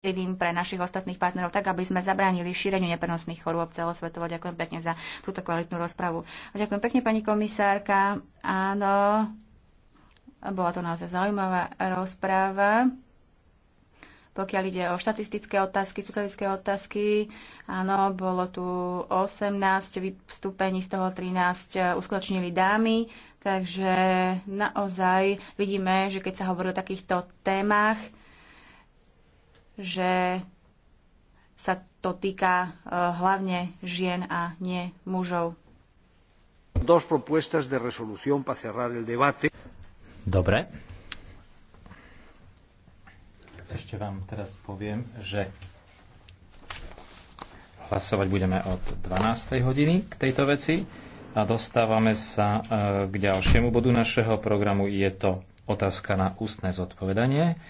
pozitívnym pre našich ostatných partnerov, tak aby sme zabránili šíreniu neprenosných chorôb celosvetovo. Ďakujem pekne za túto kvalitnú rozpravu. Ďakujem pekne, pani komisárka. Áno, bola to naozaj zaujímavá rozpráva. Pokiaľ ide o štatistické otázky, socialistické otázky, áno, bolo tu 18 vystúpení, z toho 13 uskutočnili dámy, takže naozaj vidíme, že keď sa hovorí o takýchto témach, že sa to týka eh, hlavne žien a nie mužov. Dos propuestas de resolución para cerrar el debate. Dobre. Ešte vám teraz poviem, že hlasovať budeme od 12. hodiny k tejto veci a dostávame sa eh, k ďalšiemu bodu našeho programu. Je to otázka na ústne zodpovedanie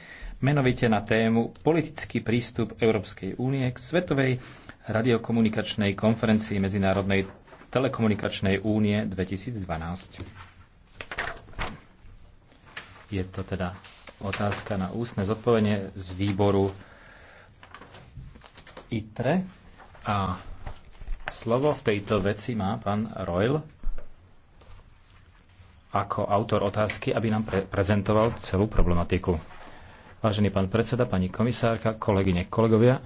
menovite na tému Politický prístup Európskej únie k Svetovej radiokomunikačnej konferencii Medzinárodnej telekomunikačnej únie 2012. Je to teda otázka na ústne zodpovedenie z výboru ITRE a slovo v tejto veci má pán Royl ako autor otázky, aby nám pre- prezentoval celú problematiku. Vážený pán predseda, pani komisárka, kolegyne, kolegovia,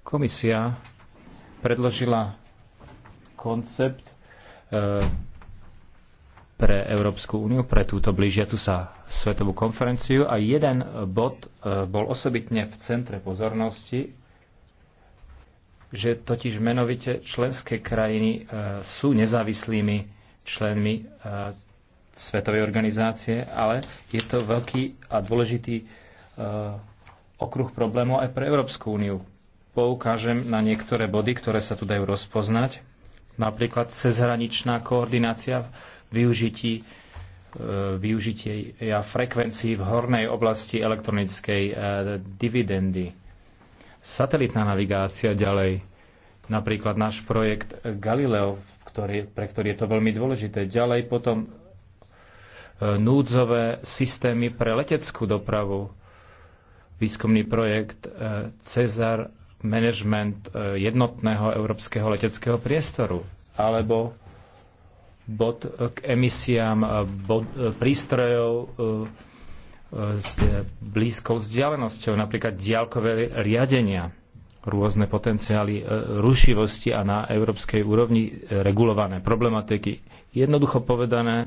komisia predložila koncept e, pre Európsku úniu, pre túto blížiacu sa svetovú konferenciu a jeden bod e, bol osobitne v centre pozornosti, že totiž menovite členské krajiny e, sú nezávislými členmi Svetovej organizácie, ale je to veľký a dôležitý e, okruh problémov aj pre Európsku úniu. Poukážem na niektoré body, ktoré sa tu dajú rozpoznať. Napríklad cezhraničná koordinácia využití e, využitie frekvencií v hornej oblasti elektronickej e, dividendy. Satelitná navigácia ďalej, napríklad náš projekt Galileo, ktorý, pre ktorý je to veľmi dôležité. Ďalej potom núdzové systémy pre leteckú dopravu, výskumný projekt e, Cezar Management e, jednotného európskeho leteckého priestoru, alebo bod k emisiám e, bod, prístrojov s blízkou vzdialenosťou, napríklad diaľkové riadenia, rôzne potenciály rušivosti a na európskej úrovni regulované problematiky. Jednoducho povedané,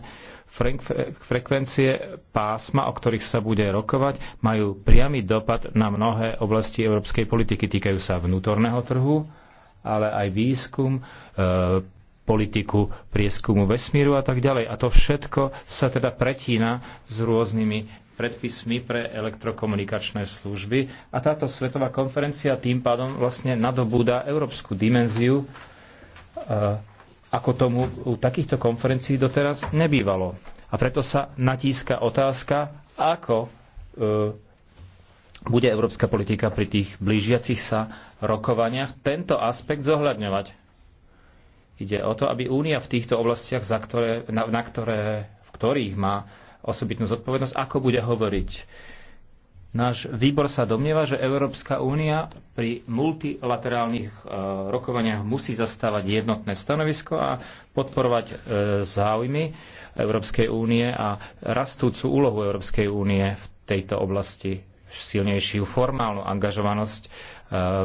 Frekvencie pásma, o ktorých sa bude rokovať, majú priamy dopad na mnohé oblasti európskej politiky. Týkajú sa vnútorného trhu, ale aj výskum, e, politiku prieskumu vesmíru a tak ďalej. A to všetko sa teda pretína s rôznymi predpismi pre elektrokomunikačné služby a táto svetová konferencia tým pádom vlastne nadobúda európsku dimenziu e, ako tomu u takýchto konferencií doteraz nebývalo. A preto sa natíska otázka, ako e, bude európska politika pri tých blížiacich sa rokovaniach tento aspekt zohľadňovať. Ide o to, aby Únia v týchto oblastiach, za ktoré, na, na ktoré, v ktorých má osobitnú zodpovednosť, ako bude hovoriť Náš výbor sa domnieva, že Európska únia pri multilaterálnych e, rokovaniach musí zastávať jednotné stanovisko a podporovať e, záujmy Európskej únie a rastúcu úlohu Európskej únie v tejto oblasti silnejšiu formálnu angažovanosť e,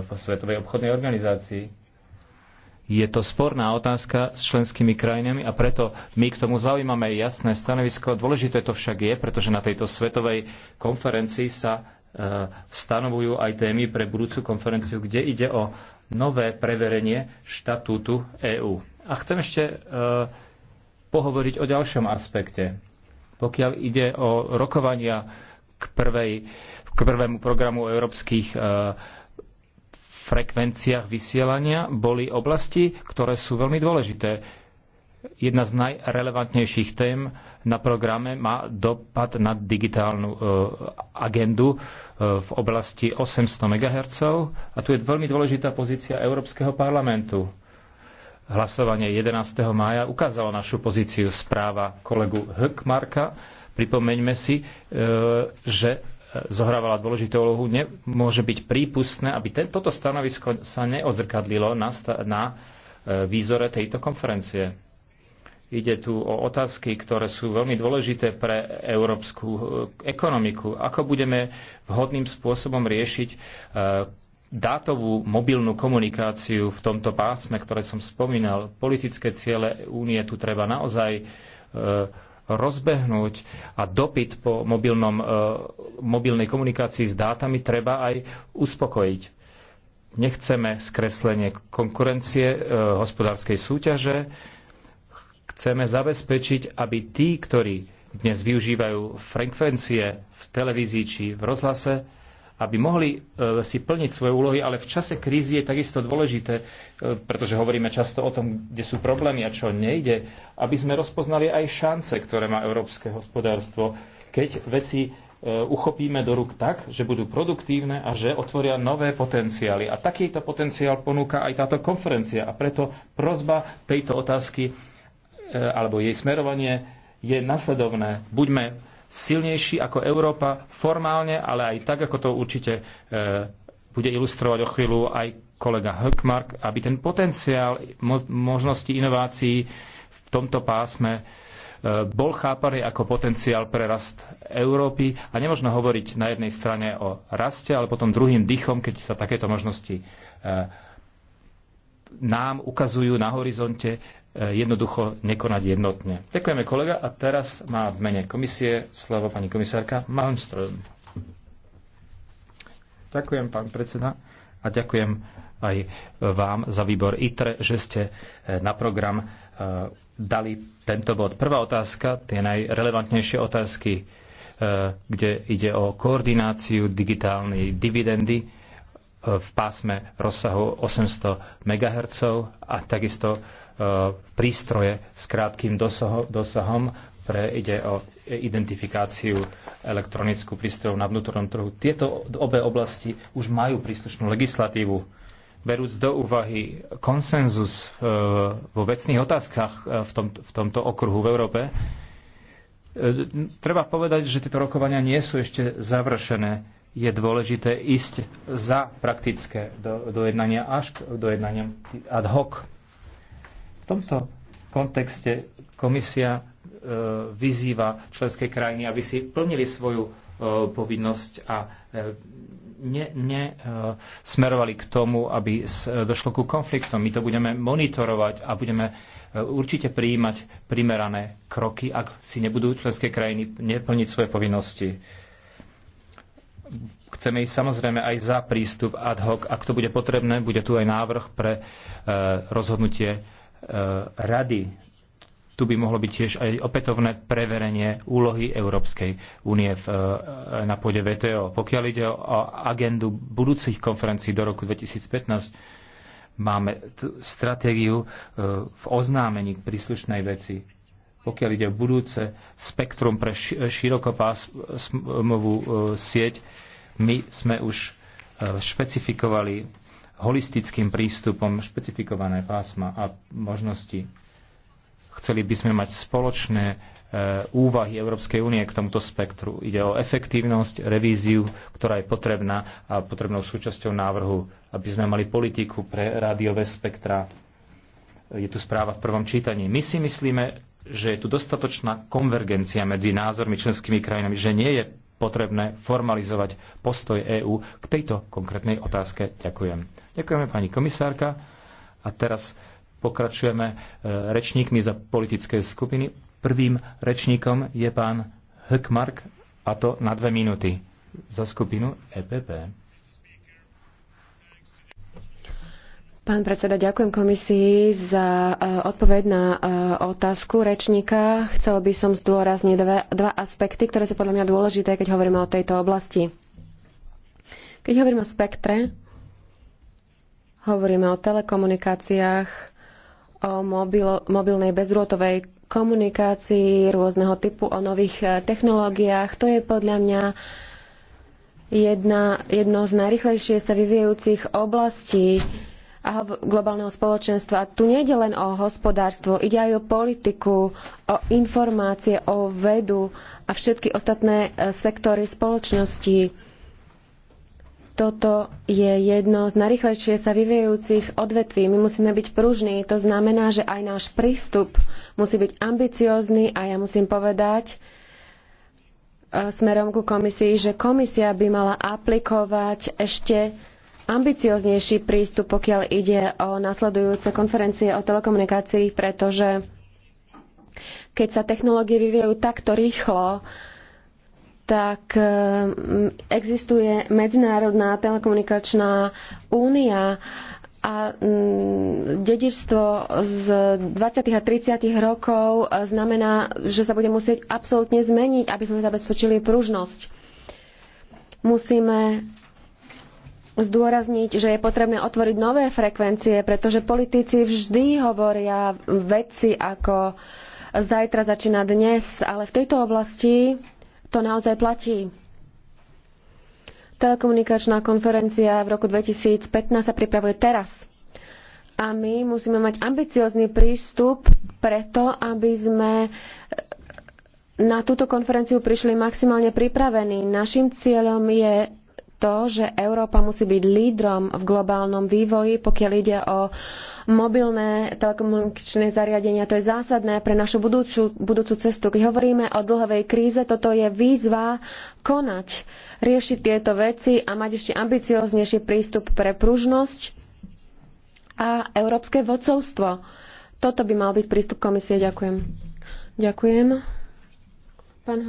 v Svetovej obchodnej organizácii je to sporná otázka s členskými krajinami a preto my k tomu zaujímame jasné stanovisko. Dôležité to však je, pretože na tejto svetovej konferencii sa e, stanovujú aj témy pre budúcu konferenciu, kde ide o nové preverenie štatútu EÚ. A chcem ešte e, pohovoriť o ďalšom aspekte. Pokiaľ ide o rokovania k, prvej, k prvému programu európskych e, frekvenciách vysielania boli oblasti, ktoré sú veľmi dôležité. Jedna z najrelevantnejších tém na programe má dopad na digitálnu e, agendu e, v oblasti 800 MHz a tu je veľmi dôležitá pozícia Európskeho parlamentu. Hlasovanie 11. mája ukázalo našu pozíciu správa kolegu Hökmarka. Pripomeňme si, e, že zohrávala dôležitú úlohu, nemôže byť prípustné, aby ten, toto stanovisko sa neodzrkadlilo na, na e, výzore tejto konferencie. Ide tu o otázky, ktoré sú veľmi dôležité pre európsku e, ekonomiku. Ako budeme vhodným spôsobom riešiť e, dátovú mobilnú komunikáciu v tomto pásme, ktoré som spomínal, politické ciele únie tu treba naozaj rozbehnúť a dopyt po mobilnom, e, mobilnej komunikácii s dátami treba aj uspokojiť. Nechceme skreslenie konkurencie e, hospodárskej súťaže, chceme zabezpečiť, aby tí, ktorí dnes využívajú frekvencie v televízii či v rozhlase, aby mohli e, si plniť svoje úlohy, ale v čase krízy je takisto dôležité, e, pretože hovoríme často o tom, kde sú problémy a čo nejde, aby sme rozpoznali aj šance, ktoré má európske hospodárstvo, keď veci e, uchopíme do rúk tak, že budú produktívne a že otvoria nové potenciály. A takýto potenciál ponúka aj táto konferencia. A preto prozba tejto otázky alebo jej smerovanie je nasledovné. Buďme silnejší ako Európa formálne, ale aj tak, ako to určite e, bude ilustrovať o chvíľu aj kolega Höckmark, aby ten potenciál mo- možnosti inovácií v tomto pásme e, bol chápaný ako potenciál pre rast Európy a nemožno hovoriť na jednej strane o raste, ale potom druhým dychom, keď sa takéto možnosti e, nám ukazujú na horizonte, Eh, jednoducho nekonať jednotne. Ďakujeme kolega a teraz má v mene komisie slovo pani komisárka Malmström. Ďakujem, pán predseda, a ďakujem aj vám za výbor ITRE, že ste eh, na program eh, dali tento bod. Prvá otázka, tie najrelevantnejšie otázky, kde ide o koordináciu digitálnej dividendy v pásme rozsahu 800 MHz a takisto E, prístroje s krátkým dosahom, pre ide o identifikáciu elektronickú prístrojov na vnútornom trhu. Tieto obe oblasti už majú príslušnú legislatívu. Berúc do úvahy konsenzus e, vo vecných otázkach e, v, tom, v tomto okruhu v Európe, treba povedať, že tieto rokovania nie sú ešte završené. Je dôležité ísť za praktické dojednania do až k dojednaniam ad hoc v tomto kontexte komisia e, vyzýva členské krajiny, aby si plnili svoju e, povinnosť a nesmerovali ne, e, k tomu, aby došlo ku konfliktom. My to budeme monitorovať a budeme určite prijímať primerané kroky, ak si nebudú členské krajiny neplniť svoje povinnosti. Chceme ísť samozrejme aj za prístup ad hoc. Ak to bude potrebné, bude tu aj návrh pre rozhodnutie Eh, rady. Tu by mohlo byť tiež aj opätovné preverenie úlohy Európskej únie v, eh, na pôde VTO. Pokiaľ ide o agendu budúcich konferencií do roku 2015, máme stratégiu eh, v oznámení k príslušnej veci. Pokiaľ ide o budúce spektrum pre širokopásmovú sieť, my sme už špecifikovali holistickým prístupom špecifikované pásma a možnosti. Chceli by sme mať spoločné e, úvahy Európskej únie k tomuto spektru. Ide o efektívnosť, revíziu, ktorá je potrebná a potrebnou súčasťou návrhu, aby sme mali politiku pre rádiové spektra. Je tu správa v prvom čítaní. My si myslíme, že je tu dostatočná konvergencia medzi názormi členskými krajinami, že nie je potrebné formalizovať postoj EÚ k tejto konkrétnej otázke. Ďakujem. Ďakujeme pani komisárka a teraz pokračujeme e, rečníkmi za politické skupiny. Prvým rečníkom je pán Hökmark a to na dve minúty za skupinu EPP. Pán predseda, ďakujem komisii za e, odpoveď na e, otázku rečníka. Chcel by som zdôrazniť dva, dva aspekty, ktoré sú podľa mňa dôležité, keď hovoríme o tejto oblasti. Keď hovoríme o spektre, hovoríme o telekomunikáciách, o mobil, mobilnej bezdrôtovej komunikácii rôzneho typu, o nových e, technológiách. To je podľa mňa jedna, jedno z najrychlejšie sa vyvíjajúcich oblastí a globálneho spoločenstva. Tu nejde len o hospodárstvo, ide aj o politiku, o informácie, o vedu a všetky ostatné e, sektory spoločnosti. Toto je jedno z najrychlejšie sa vyvíjajúcich odvetví. My musíme byť pružní, to znamená, že aj náš prístup musí byť ambiciózny a ja musím povedať, e, smerom ku komisii, že komisia by mala aplikovať ešte ambicioznejší prístup, pokiaľ ide o nasledujúce konferencie o telekomunikácii, pretože keď sa technológie vyvíjajú takto rýchlo, tak eh, mm, existuje Medzinárodná telekomunikačná únia a mm, dedičstvo z 20. a 30. rokov eh, znamená, že sa bude musieť absolútne zmeniť, aby sme zabezpečili pružnosť. Musíme zdôrazniť, že je potrebné otvoriť nové frekvencie, pretože politici vždy hovoria veci ako zajtra začína dnes, ale v tejto oblasti to naozaj platí. Telekomunikačná konferencia v roku 2015 sa pripravuje teraz. A my musíme mať ambiciózny prístup preto, aby sme na túto konferenciu prišli maximálne pripravení. Naším cieľom je to, že Európa musí byť lídrom v globálnom vývoji, pokiaľ ide o mobilné telekomunikačné zariadenia. To je zásadné pre našu budúcu, budúcu cestu. Keď hovoríme o dlhovej kríze, toto je výzva konať, riešiť tieto veci a mať ešte ambicioznejší prístup pre pružnosť a európske vodcovstvo. Toto by mal byť prístup komisie. Ďakujem. Ďakujem. Pán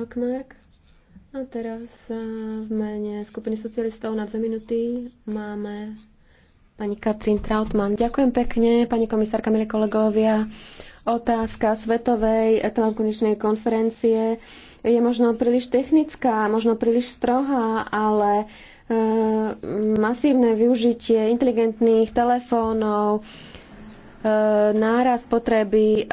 a teraz eh, v mene skupiny socialistov na dve minuty máme pani Katrin Trautmann. Ďakujem pekne, pani komisárka, milí kolegovia. Otázka svetovej etnokonečnej konferencie je možno príliš technická, možno príliš strohá, ale e, masívne využitie inteligentných telefónov, E, náraz potreby e,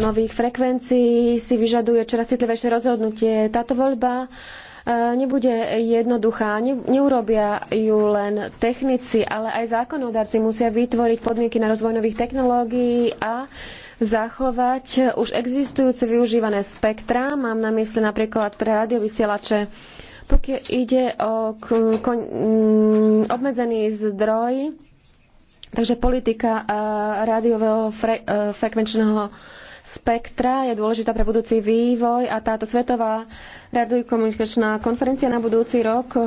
nových frekvencií si vyžaduje čoraz citlivejšie rozhodnutie. Táto voľba e, nebude jednoduchá. Neurobia ju len technici, ale aj zákonodarci musia vytvoriť podmienky na rozvoj nových technológií a zachovať už existujúce využívané spektra. Mám na mysli napríklad pre radiovysielače. Pokiaľ ide o obmedzený zdroj, Takže politika eh, rádiového fre, eh, frekvenčného spektra je dôležitá pre budúci vývoj a táto svetová radiokomunikačná konferencia na budúci rok eh,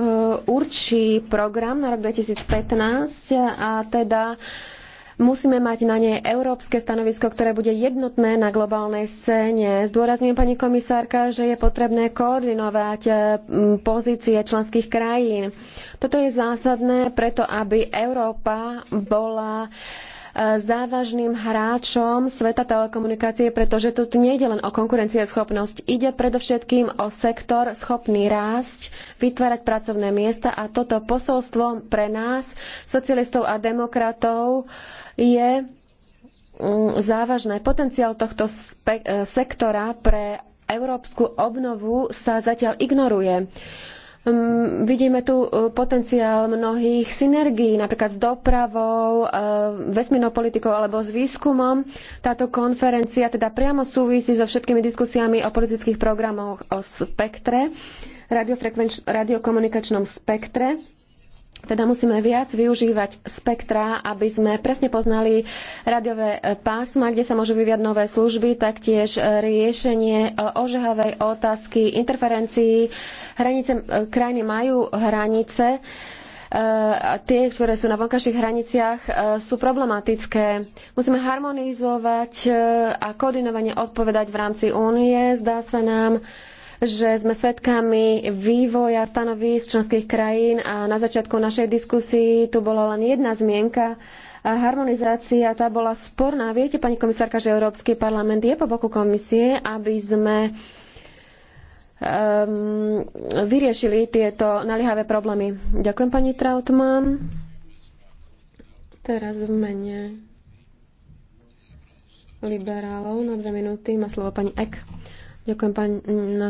určí program na rok 2015 a teda Musíme mať na nej európske stanovisko, ktoré bude jednotné na globálnej scéne. Zdôrazňujem, pani komisárka, že je potrebné koordinovať eh, pozície členských krajín. Toto je zásadné preto, aby Európa bola závažným hráčom sveta telekomunikácie, pretože tu nejde len o konkurencieschopnosť. Ide predovšetkým o sektor schopný rásť, vytvárať pracovné miesta a toto posolstvo pre nás, socialistov a demokratov, je mm, závažné. Potenciál tohto e, sektora pre európsku obnovu sa zatiaľ ignoruje. Hm, vidíme tu e, potenciál mnohých synergií, napríklad s dopravou, e, vesmírnou politikou alebo s výskumom. Táto konferencia teda priamo súvisí so všetkými diskusiami o politických programoch o spektre, radiokomunikačnom spektre teda musíme viac využívať spektra, aby sme presne poznali radiové e, pásma, kde sa môžu vyviať nové služby, taktiež e, riešenie e, ožehavej otázky interferencií. Hranice krajiny majú hranice. Tie, ktoré sú na vonkajších hraniciach, sú problematické. Musíme harmonizovať a koordinovane odpovedať v rámci únie. Zdá sa nám, že sme svedkami vývoja stanovísk členských krajín a na začiatku našej diskusii tu bola len jedna zmienka a harmonizácia tá bola sporná. Viete, pani komisárka, že Európsky parlament je po boku komisie, aby sme um, vyriešili tieto naliehavé problémy. Ďakujem, pani Trautmann. Teraz v mene liberálov na dve minúty má slovo pani Ek. Ďakujem, pán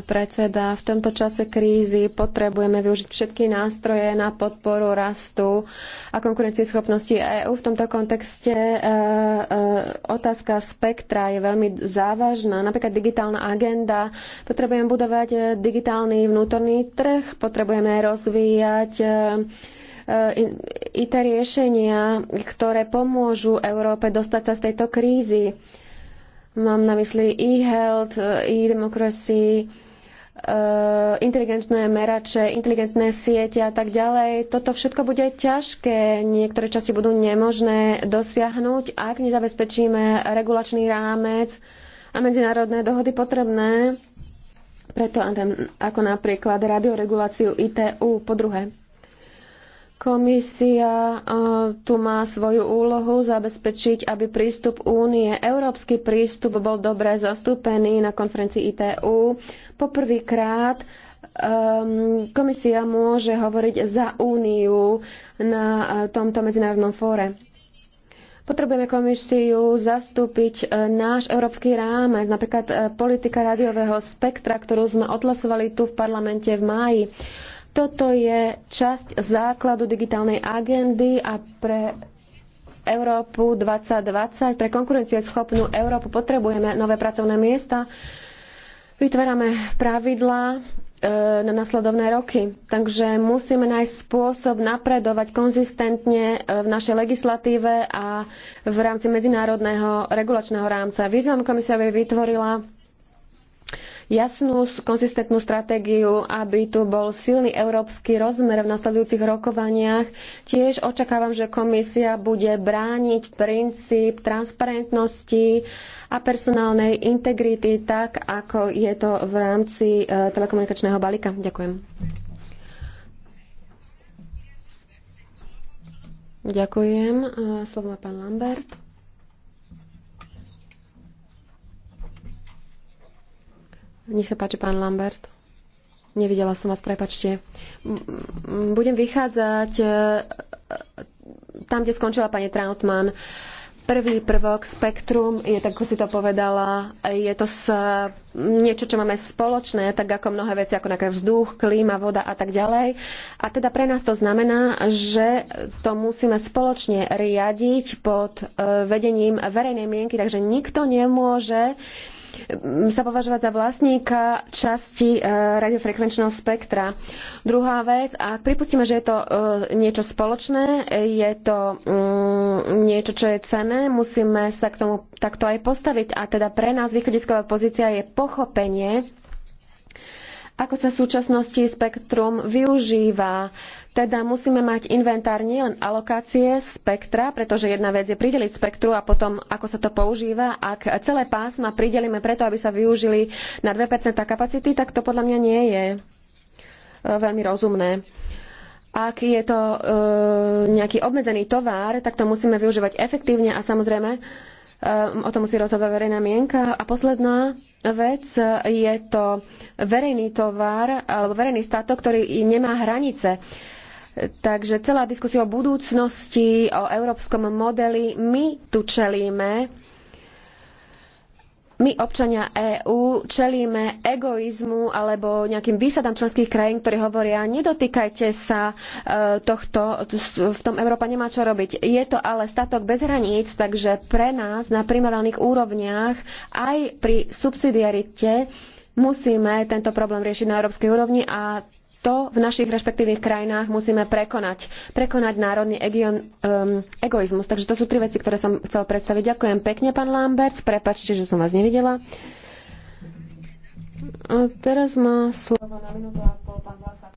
predseda. V tomto čase krízy potrebujeme využiť všetky nástroje na podporu rastu a konkurencieschopnosti EÚ. V tomto kontexte e, e, otázka spektra je veľmi závažná. Napríklad digitálna agenda. Potrebujeme budovať e, digitálny vnútorný trh, potrebujeme rozvíjať e, e IT riešenia, ktoré pomôžu Európe dostať sa z tejto krízy. Mám na mysli e-health, e-democracy, e, inteligentné merače, inteligentné siete a tak ďalej. Toto všetko bude ťažké, niektoré časti budú nemožné dosiahnuť, ak nezabezpečíme regulačný rámec a medzinárodné dohody potrebné. Preto ako napríklad radioreguláciu ITU po druhé. Komisia e, tu má svoju úlohu zabezpečiť, aby prístup únie, európsky prístup bol dobre zastúpený na konferencii ITU. Poprvýkrát um, komisia môže hovoriť za úniu na e, tomto medzinárodnom fóre. Potrebujeme komisiu zastúpiť e, náš európsky rámec, napríklad politika rádiového spektra, ktorú sme odhlasovali tu v parlamente v máji. Toto je časť základu digitálnej agendy a pre Európu 2020, pre konkurencieschopnú Európu potrebujeme nové pracovné miesta. Vytvárame pravidlá e, na nasledovné roky. Takže musíme nájsť spôsob napredovať konzistentne e, v našej legislatíve a v rámci medzinárodného regulačného rámca. Výzvam komisia by vytvorila jasnú, konzistentnú stratégiu, aby tu bol silný európsky rozmer v nasledujúcich rokovaniach. Tiež očakávam, že komisia bude brániť princíp transparentnosti a personálnej integrity tak, ako je to v rámci e, telekomunikačného balíka. Ďakujem. Ďakujem. E, slovo má pán Lambert. Nech sa páči, pán Lambert. Nevidela som vás, prepačte. Budem vychádzať e, e, tam, kde skončila pani Trautmann. Prvý prvok, spektrum, je tak, ako si to povedala, je to s, niečo, čo máme spoločné, tak ako mnohé veci, ako napríklad vzduch, klíma, voda a tak ďalej. A teda pre nás to znamená, že to musíme spoločne riadiť pod e, vedením verejnej mienky, takže nikto nemôže uh, sa považovať za vlastníka časti e, radiofrekvenčného spektra. Druhá vec, a pripustíme, že je to e, niečo spoločné, je to mm, niečo, čo je cené, musíme sa k tomu takto aj postaviť. A teda pre nás východisková pozícia je pochopenie, ako sa v súčasnosti spektrum využíva teda musíme mať inventár nielen alokácie spektra, pretože jedna vec je prideliť spektru a potom ako sa to používa. Ak celé pásma pridelíme preto, aby sa využili na 2% kapacity, tak to podľa mňa nie je e, veľmi rozumné. Ak je to e, nejaký obmedzený tovar, tak to musíme využívať efektívne a samozrejme e, o tom musí rozhodovať verejná mienka. A posledná vec e, je to verejný tovar alebo verejný statok, ktorý nemá hranice. E, Takže celá diskusia o budúcnosti, o európskom modeli, my tu čelíme, my občania EÚ čelíme egoizmu alebo nejakým výsadám členských krajín, ktorí hovoria, nedotýkajte sa e, tohto, v tom Európa nemá čo robiť. Je to ale statok bez hraníc, takže pre nás na primeraných úrovniach aj pri subsidiarite musíme tento problém riešiť na európskej úrovni a to v našich respektívnych krajinách musíme prekonať. Prekonať národný egion, um, egoizmus. Takže to sú tri veci, ktoré som chcel predstaviť. Ďakujem pekne, pán Lamberts. Prepačte, že som vás nevidela. A teraz má slovo na minútu a pol pán Vlasák.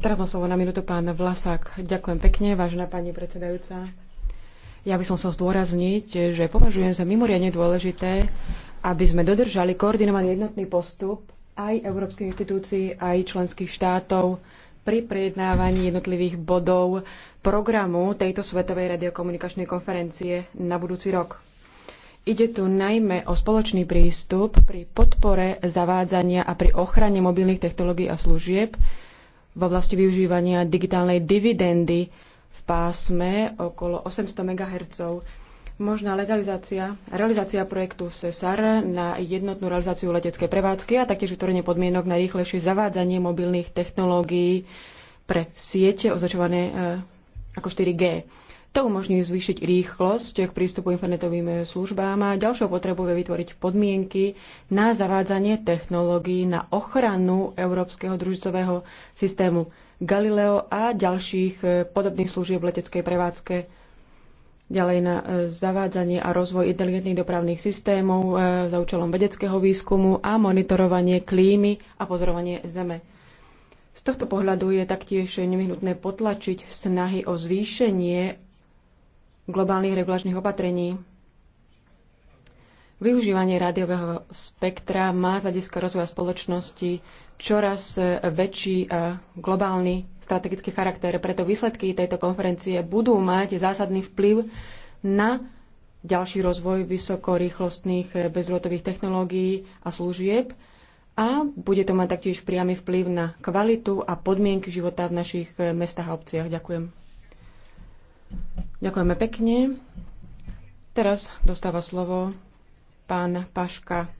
Teraz má slovo na minútu pán Vlasák. Ďakujem pekne, vážená pani predsedajúca. Ja by som chcel zdôrazniť, že považujem za mimoriadne dôležité, aby sme dodržali koordinovaný jednotný postup aj európskych inštitúcií, aj členských štátov pri prejednávaní jednotlivých bodov programu tejto Svetovej radiokomunikačnej konferencie na budúci rok. Ide tu najmä o spoločný prístup pri podpore zavádzania a pri ochrane mobilných technológií a služieb v oblasti využívania digitálnej dividendy v pásme okolo 800 MHz možná legalizácia, realizácia projektu SESAR na jednotnú realizáciu leteckej prevádzky a taktiež vytvorenie podmienok na rýchlejšie zavádzanie mobilných technológií pre siete označované e, ako 4G. To umožní zvýšiť rýchlosť k prístupu internetovým službám a ďalšou potrebou je vytvoriť podmienky na zavádzanie technológií na ochranu európskeho družicového systému Galileo a ďalších e, podobných služieb v leteckej prevádzke ďalej na e, zavádzanie a rozvoj inteligentných dopravných systémov e, za účelom vedeckého výskumu a monitorovanie klímy a pozorovanie Zeme. Z tohto pohľadu je taktiež nevyhnutné potlačiť snahy o zvýšenie globálnych regulačných opatrení. Využívanie rádiového spektra má z hľadiska rozvoja spoločnosti čoraz e, väčší e, globálny strategický charakter. Preto výsledky tejto konferencie budú mať zásadný vplyv na ďalší rozvoj vysokorýchlostných e, bezletových technológií a služieb a bude to mať taktiež priamy vplyv na kvalitu a podmienky života v našich mestách a obciach. Ďakujem. Ďakujeme pekne. Teraz dostáva slovo pán Paška.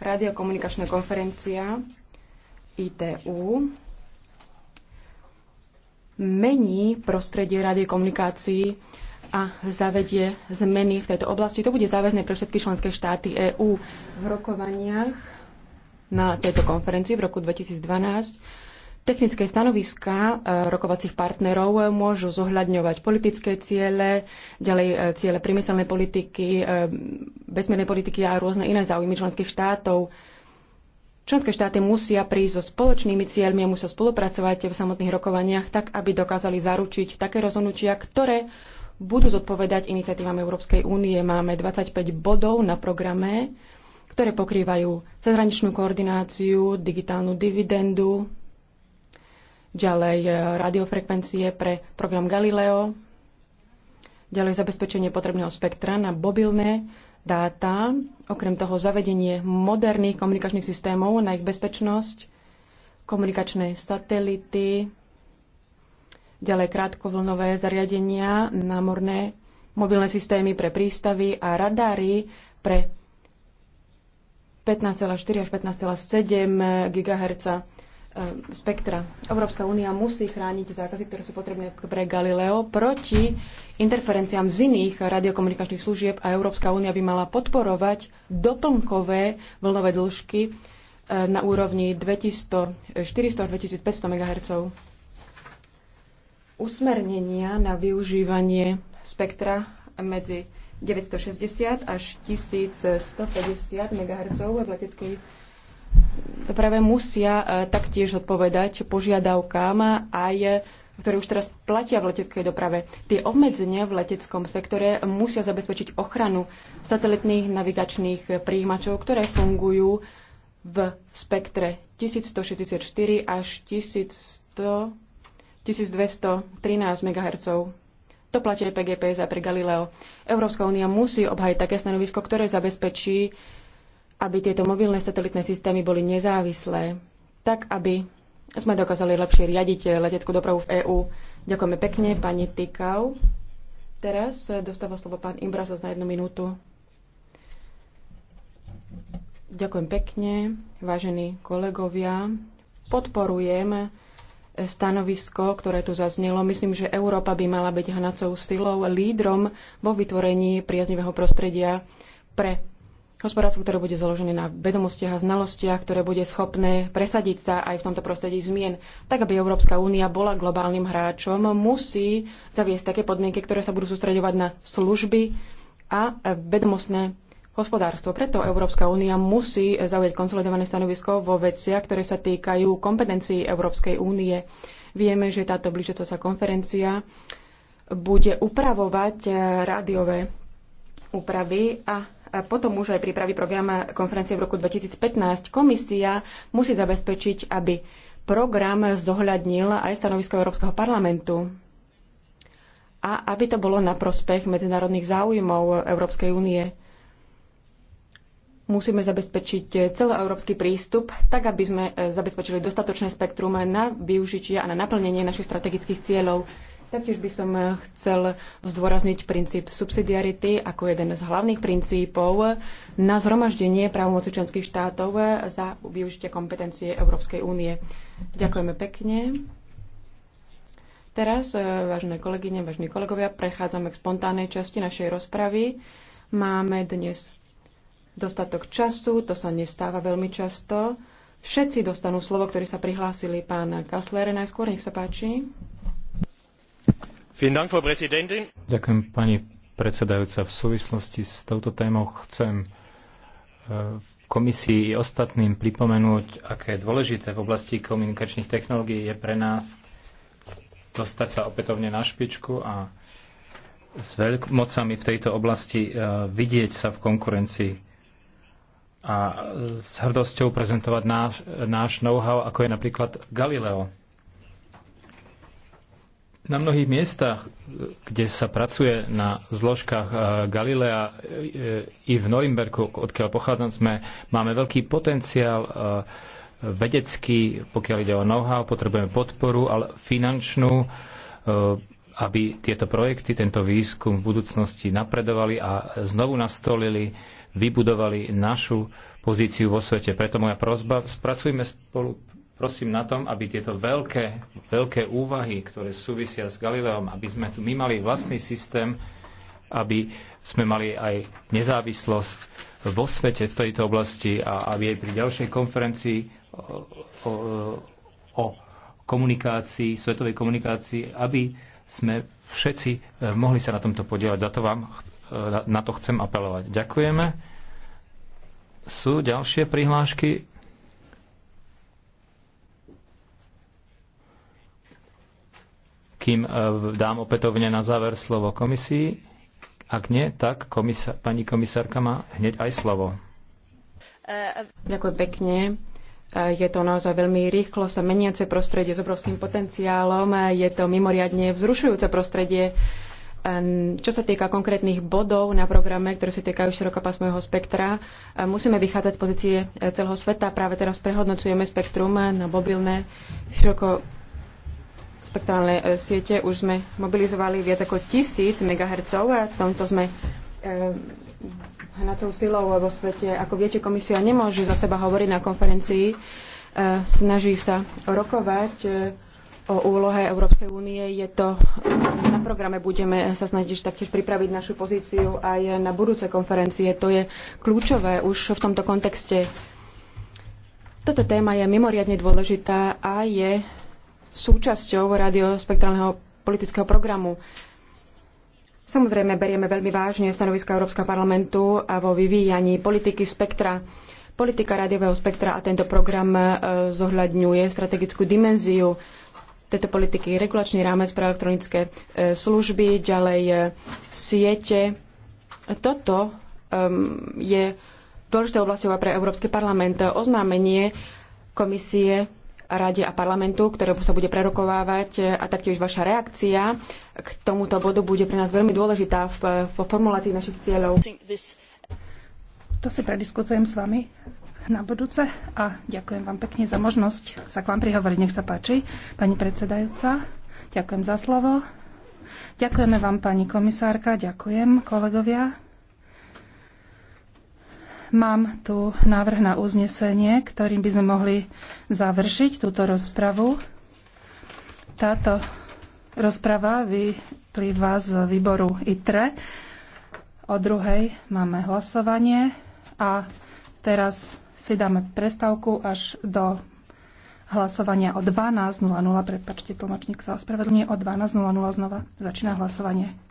radiokomunikačná konferencia ITU mení prostredie radiokomunikácií a zavedie zmeny v tejto oblasti. To bude záväzné pre všetky členské štáty EÚ. V rokovaniach na tejto konferencii v roku 2012 Technické stanoviská e, rokovacích partnerov môžu zohľadňovať politické ciele, ďalej e, ciele priemyselnej politiky, bezmiernej politiky a rôzne iné záujmy členských štátov. Členské štáty musia prísť so spoločnými cieľmi a musia spolupracovať v samotných rokovaniach tak, aby dokázali zaručiť také rozhodnutia, ktoré budú zodpovedať iniciatívam Európskej únie. Máme 25 bodov na programe, ktoré pokrývajú cezhraničnú koordináciu, digitálnu dividendu, ďalej e, radiofrekvencie pre program Galileo, ďalej zabezpečenie potrebného spektra na mobilné dáta, okrem toho zavedenie moderných komunikačných systémov na ich bezpečnosť, komunikačné satelity, ďalej krátkovlnové zariadenia, námorné mobilné systémy pre prístavy a radary pre 15,4 až 15,7 GHz E, spektra. Európska únia musí chrániť zákazy, ktoré sú potrebné pre Galileo proti interferenciám z iných radiokomunikačných služieb a Európska únia by mala podporovať doplnkové vlnové dĺžky e, na úrovni 2400 až 2500 MHz. Usmernenia na využívanie spektra medzi 960 až 1150 MHz v leteckej práve musia e, taktiež odpovedať požiadavkám aj ktoré už teraz platia v leteckej doprave. Tie obmedzenia v leteckom sektore musia zabezpečiť ochranu satelitných navigačných príjimačov, ktoré fungujú v spektre 1164 až 1100, 1213 MHz. To platí aj PGPS a pre Galileo. Európska únia musí obhajiť také stanovisko, ktoré zabezpečí aby tieto mobilné satelitné systémy boli nezávislé, tak aby sme dokázali lepšie riadiť leteckú dopravu v EÚ. Ďakujeme pekne, pani Tykau. Teraz dostáva slovo pán Imbrasos na jednu minútu. Ďakujem pekne, vážení kolegovia. Podporujem stanovisko, ktoré tu zaznelo. Myslím, že Európa by mala byť hnacou silou, lídrom vo vytvorení priaznivého prostredia pre hospodárstvo, ktoré bude založené na vedomostiach a znalostiach, ktoré bude schopné presadiť sa aj v tomto prostredí zmien. Tak, aby Európska únia bola globálnym hráčom, musí zaviesť také podmienky, ktoré sa budú sústredovať na služby a vedomostné hospodárstvo. Preto Európska únia musí zaujať konsolidované stanovisko vo veciach, ktoré sa týkajú kompetencií Európskej únie. Vieme, že táto blížiaca sa konferencia bude upravovať rádiové úpravy a potom už aj pripraví program konferencie v roku 2015. Komisia musí zabezpečiť, aby program zohľadnil aj stanovisko Európskeho parlamentu a aby to bolo na prospech medzinárodných záujmov Európskej únie. Musíme zabezpečiť celoeurópsky prístup, tak aby sme zabezpečili dostatočné spektrum na využitie a na naplnenie našich strategických cieľov. Taktiež by som chcel zdôrazniť princíp subsidiarity ako jeden z hlavných princípov na zhromaždenie právomoci členských štátov za využitie kompetencie Európskej únie. Ďakujeme pekne. Teraz, e, vážne kolegyne, vážni kolegovia, prechádzame k spontánnej časti našej rozpravy. Máme dnes dostatok času, to sa nestáva veľmi často. Všetci dostanú slovo, ktorí sa prihlásili. Pán Kasler, najskôr nech sa páči. Ďakujem, pani predsedajúca. V súvislosti s touto témou chcem e, komisii i ostatným pripomenúť, aké dôležité v oblasti komunikačných technológií je pre nás dostať sa opätovne na špičku a s veľkmocami v tejto oblasti e, vidieť sa v konkurencii a s hrdosťou prezentovať náš, náš know-how, ako je napríklad Galileo. Na mnohých miestach, kde sa pracuje na zložkách eh, Galilea eh, i v Norimberku, odkiaľ pochádzam, sme, máme veľký potenciál eh, vedecký, pokiaľ ide o know-how, potrebujeme podporu, ale finančnú, aby tieto projekty, tento výskum v budúcnosti napredovali a znovu nastolili, vybudovali našu pozíciu vo svete. Preto moja prozba, spracujme spolu prosím na tom, aby tieto veľké, veľké úvahy, ktoré súvisia s Galileom, aby sme tu my mali vlastný systém, aby sme mali aj nezávislosť vo svete v tejto oblasti a aby aj pri ďalšej konferencii o, o, o komunikácii, svetovej komunikácii, aby sme všetci e, mohli sa na tomto podielať. Za to vám e, na to chcem apelovať. Ďakujeme. Sú ďalšie prihlášky kým eh, dám opätovne na záver slovo komisii. Ak nie, tak komisa- pani komisárka má hneď aj slovo. Eh, ďakujem pekne. Eh, je to naozaj veľmi rýchlo sa meniace prostredie s obrovským potenciálom. Je to mimoriadne vzrušujúce prostredie. Čo sa týka konkrétnych bodov na programe, ktoré sa týkajú širokopásmového spektra, musíme vychádzať z pozície celého sveta. Práve teraz prehodnocujeme spektrum na mobilné široko spektrálne e, siete už sme mobilizovali viac ako tisíc MHz a v tomto sme e, hnacou silou vo svete. Ako viete, komisia nemôže za seba hovoriť na konferencii. E, snaží sa rokovať o úlohe Európskej únie. Je to na programe, budeme sa snažiť taktiež pripraviť našu pozíciu aj na budúce konferencie. To je kľúčové už v tomto kontexte. Toto téma je mimoriadne dôležitá a je súčasťou radiospektrálneho politického programu. Samozrejme, berieme veľmi vážne stanoviska Európskeho parlamentu a vo vyvíjaní politiky spektra. Politika rádiového spektra a tento program e, zohľadňuje strategickú dimenziu tejto politiky, regulačný rámec pre elektronické e, služby, ďalej e, siete. Toto je dôležitou oblasťou pre Európsky parlament. Oznámenie komisie Rade a parlamentu, ktoré sa bude prerokovávať a taktiež vaša reakcia k tomuto bodu bude pre nás veľmi dôležitá v, v formulácii našich cieľov. To si prediskutujem s vami na budúce a ďakujem vám pekne za možnosť sa k vám prihovoriť. Nech sa páči, pani predsedajúca. Ďakujem za slovo. Ďakujeme vám, pani komisárka, ďakujem kolegovia. Mám tu návrh na uznesenie, ktorým by sme mohli završiť túto rozpravu. Táto rozprava vyplýva z výboru ITRE. O druhej máme hlasovanie a teraz si dáme prestavku až do hlasovania o 12.00. Prepačte, tlmočník sa ospravedlní. O 12.00 znova začína hlasovanie.